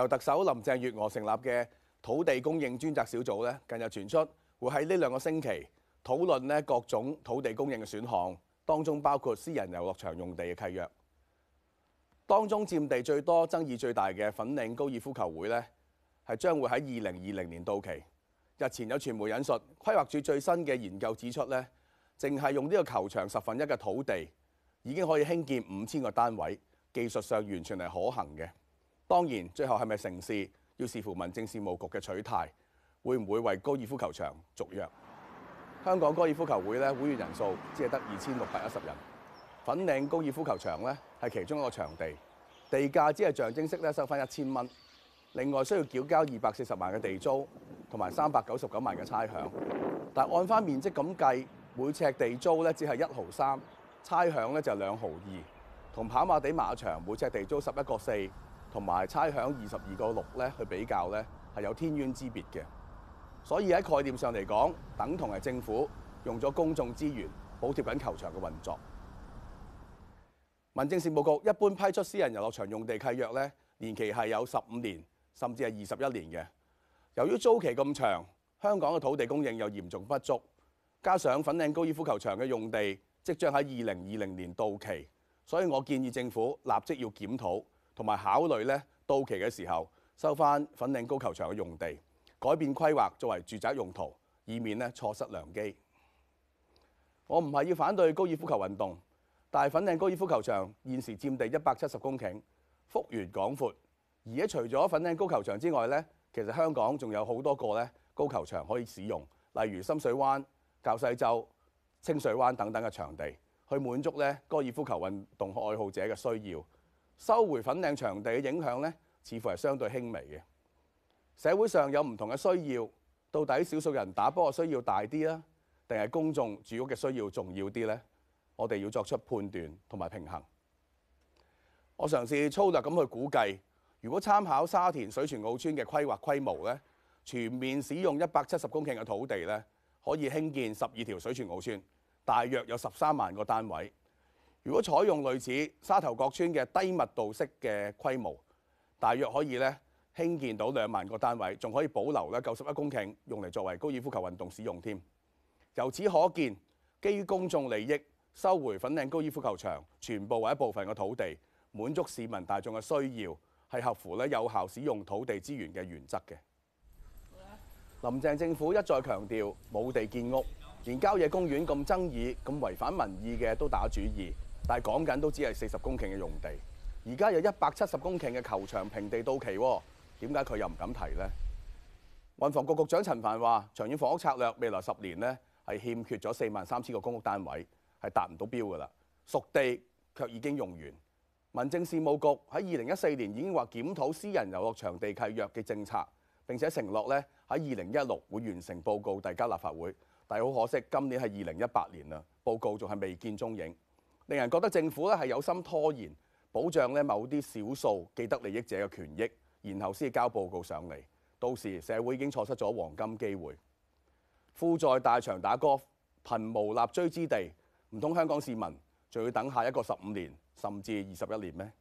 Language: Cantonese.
由特首林鄭月娥成立嘅土地供應專責小組咧，近日傳出會喺呢兩個星期討論咧各種土地供應嘅選項，當中包括私人遊樂場用地嘅契約。當中佔地最多、爭議最大嘅粉嶺高爾夫球會咧，係將會喺二零二零年到期。日前有傳媒引述規劃署最新嘅研究指出咧，淨係用呢個球場十分一嘅土地，已經可以興建五千個單位，技術上完全係可行嘅。當然，最後係咪成事，要視乎民政事務局嘅取態，會唔會為高爾夫球場續約？香港高爾夫球會咧會員人數只係得二千六百一十人，粉嶺高爾夫球場咧係其中一個場地，地價只係象徵式咧收翻一千蚊，另外需要繳交二百四十萬嘅地租同埋三百九十九萬嘅差餉。但按翻面積咁計，每尺地租咧只係一毫三，差餉咧就兩毫二，同跑馬地馬場每尺地租十一角四。同埋猜響二十二個六咧，去比較咧係有天淵之別嘅，所以喺概念上嚟講，等同係政府用咗公眾資源補貼緊球場嘅運作。民政事務局一般批出私人遊樂場用地契約咧，年期係有十五年，甚至係二十一年嘅。由於租期咁長，香港嘅土地供應又嚴重不足，加上粉嶺高爾夫球場嘅用地即將喺二零二零年到期，所以我建議政府立即要檢討。同埋考慮咧，到期嘅時候收翻粉嶺高球場嘅用地，改變規劃作為住宅用途，以免咧錯失良機。我唔係要反對高爾夫球運動，但係粉嶺高爾夫球場現時佔地一百七十公頃，幅員廣闊。而且除咗粉嶺高球場之外咧，其實香港仲有好多個咧高球場可以使用，例如深水灣、滘西洲、清水灣等等嘅場地，去滿足咧高爾夫球運動愛好者嘅需要。收回粉嶺場地嘅影響呢，似乎係相對輕微嘅。社會上有唔同嘅需要，到底少數人打波需要大啲啊，定係公眾住屋嘅需要重要啲呢？我哋要作出判斷同埋平衡。我嘗試粗略咁去估計，如果參考沙田水泉澳村嘅規劃規模呢，全面使用一百七十公頃嘅土地呢，可以興建十二條水泉澳村，大約有十三萬個單位。如果採用類似沙頭角村嘅低密度式嘅規模，大約可以咧興建到兩萬個單位，仲可以保留九十一公頃用嚟作為高爾夫球運動使用添。由此可見，基於公眾利益收回粉嶺高爾夫球場，全部或一部分嘅土地，滿足市民大眾嘅需要，係合乎咧有效使用土地資源嘅原則嘅。的林鄭政府一再強調冇地建屋，連郊野公園咁爭議，咁違反民意嘅都打主意。但係講緊都只係四十公頃嘅用地，而家有一百七十公頃嘅球場平地到期，啊，點解佢又唔敢提呢？運房局局長陳帆話：長遠房屋策略未來十年呢係欠缺咗四萬三千個公屋單位，係達唔到標㗎啦。熟地卻已經用完。民政事務局喺二零一四年已經話檢討私人遊樂場地契約嘅政策，並且承諾呢喺二零一六會完成報告提交立法會。但係好可惜，今年係二零一八年啦，報告仲係未見蹤影。令人覺得政府咧係有心拖延保障咧某啲少數既得利益者嘅權益，然後先至交報告上嚟，到時社會已經錯失咗黃金機會。富在大場打歌，貧無立錐之地，唔通香港市民仲要等下一個十五年，甚至二十一年咩？